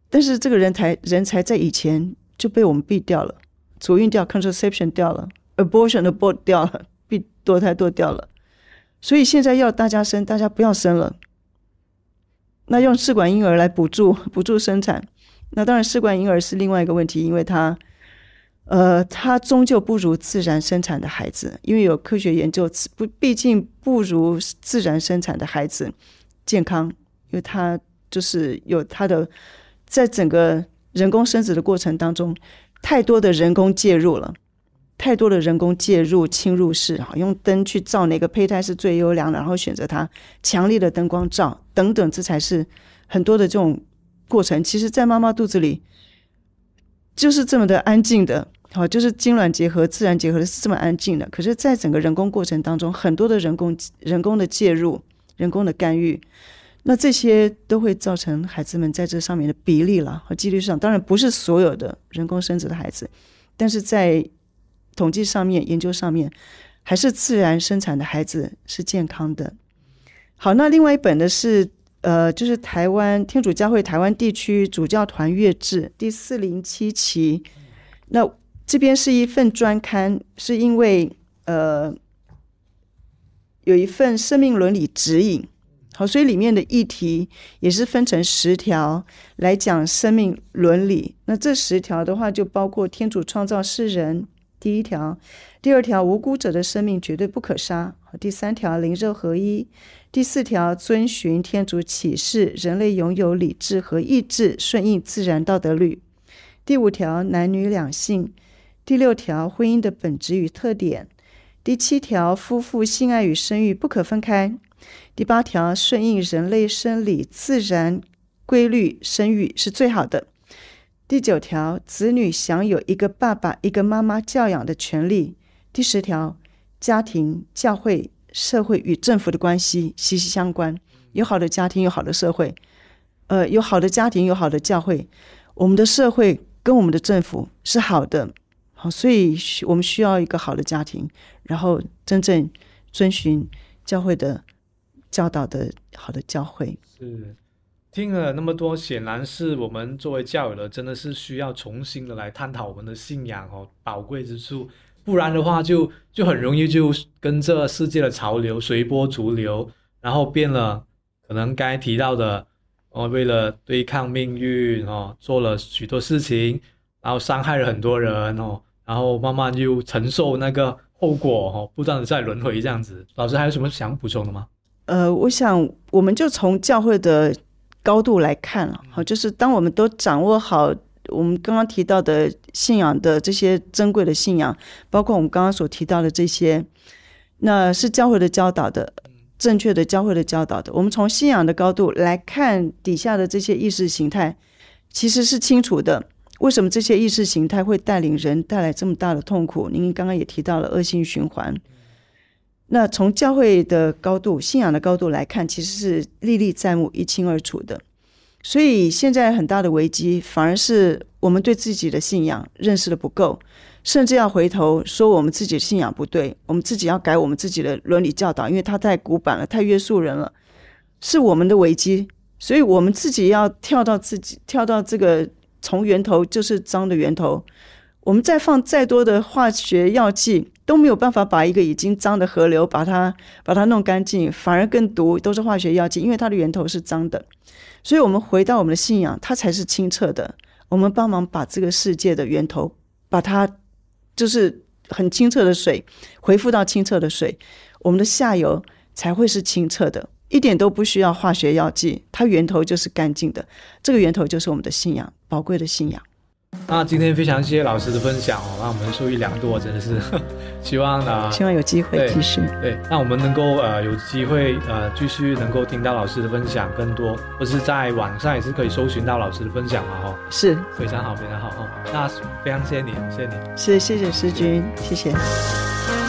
但是這個人才人才在以前就被我們避掉了，避孕掉，contraception 掉了，abortion 都 abort 掉了，避墮胎墮掉了，所以現在要大家生，大家不要生了。那用試管嬰兒來輔助輔助生產，那當然試管嬰兒是另外一個問題，因為他呃，他終究不如自然生產的孩子，因為有科學研究，不，畢竟不如自然生產的孩子健康，因為他就是有他的，在整個人工生殖的過程當中，太多的人工介入了。太多的人工介入、侵入式，好，用燈去照那個胚胎是最優良的，然後選擇它，強烈的燈光照等等，這才是很多的這種過程。其實，在媽媽肚子裡就是這麼的安靜的，好，就是精卵結合、自然結合的是這麼安靜的。可是，在整個人工過程當中，很多的人工、人工的介入、人工的干預，那這些都會造成孩子們在這上面的比例了和幾率上。當然，不是所有的人工生殖的孩子，但是在。統計上面、研究上面，還是自然生產的孩子是健康的。好，那另外一本呢是呃，就是台灣天主教會台灣地區主教團月誌第四零七期。那這邊是一份專刊，是因為呃，有一份生命倫理指引。好，所以裡面的議題也是分成十條來講生命倫理。那這十條的話，就包括天主創造世人。第一條，第二條，無辜者的生命絕對不可殺；第三條，靈肉合一；第四條，遵循天主啟示，人類擁有理智和意志，順應自然道德律；第五條，男女兩性；第六條，婚姻的本質與特點；第七條，夫婦性愛與生育不可分開；第八條，順應人類生理自然規律，生育是最好的。第九條，子女享有一個爸爸、一個媽媽教養的權利。第十條，家庭、教會、社會與政府的關係息息相關。有好的家庭，有好的社會，呃，有好的家庭，有好的教會，我們的社會跟我們的政府是好的，好，所以我們需要一個好的家庭，然後真正遵循教會的教導的好的教會是。聽了那麼多，顯然是我們作為教友的，真的是需要重新的來探討我們的信仰哦，寶貴之處。不然的話就，就就很容易就跟這世界的潮流隨波逐流，然後變了。可能剛才提到的哦，為了對抗命運哦，做了許多事情，然後傷害了很多人哦，然後慢慢就承受那個後果哦，不斷的在輪回這樣子。老師還有什麼想補充的嗎？呃，我想我們就從教會的。高度來看了，好，就是當我們都掌握好我們剛剛提到的信仰的這些珍貴的信仰，包括我們剛剛所提到的這些，那是教會的教導的，正確的教會的教導的。我們從信仰的高度來看底下的這些意識形態，其實是清楚的。為什麼這些意識形態會帶領人帶來這麼大的痛苦？您剛剛也提到了惡性循環。那從教會的高度、信仰的高度來看，其實是歷歷在目、一清二楚的。所以現在很大的危機，反而是我們對自己的信仰認識的不夠，甚至要回頭說我們自己的信仰不對，我們自己要改我們自己的倫理教導，因為它太古板了、太約束人了，是我們的危機。所以我們自己要跳到自己，跳到這個從源頭就是髒的源頭，我們再放再多的化學藥劑，都沒有辦法把一個已經髒的河流把它把它弄乾淨，反而更毒，都是化學藥劑，因為它的源頭是髒的。所以，我們回到我們的信仰，它才是清澈的。我們幫忙把這個世界的源頭，把它就是很清澈的水，恢復到清澈的水，我們的下游才會是清澈的，一點都不需要化學藥劑，它源頭就是乾淨的。這個源頭就是我們的信仰，寶貴的信仰。那今天非常謝謝老師的分享哦，讓我們受益良多，真的是，希望呢，希望、呃、希望有機會繼續對。對，那我們能夠呃有機會呃繼續能夠聽到老師的分享更多，或是在網上也是可以搜尋到老師的分享嘛、哦、吼，是非常好非常好哈。那非常謝謝你，謝謝你，謝謝師君，謝謝。謝謝謝謝。